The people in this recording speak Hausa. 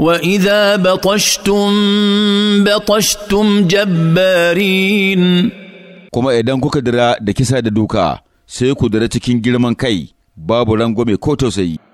واذا بطشتم بطشتم جبارين kuma idan kuka dira da kisa da duka sai ku dira cikin girman kai babu rangwame ko tausayi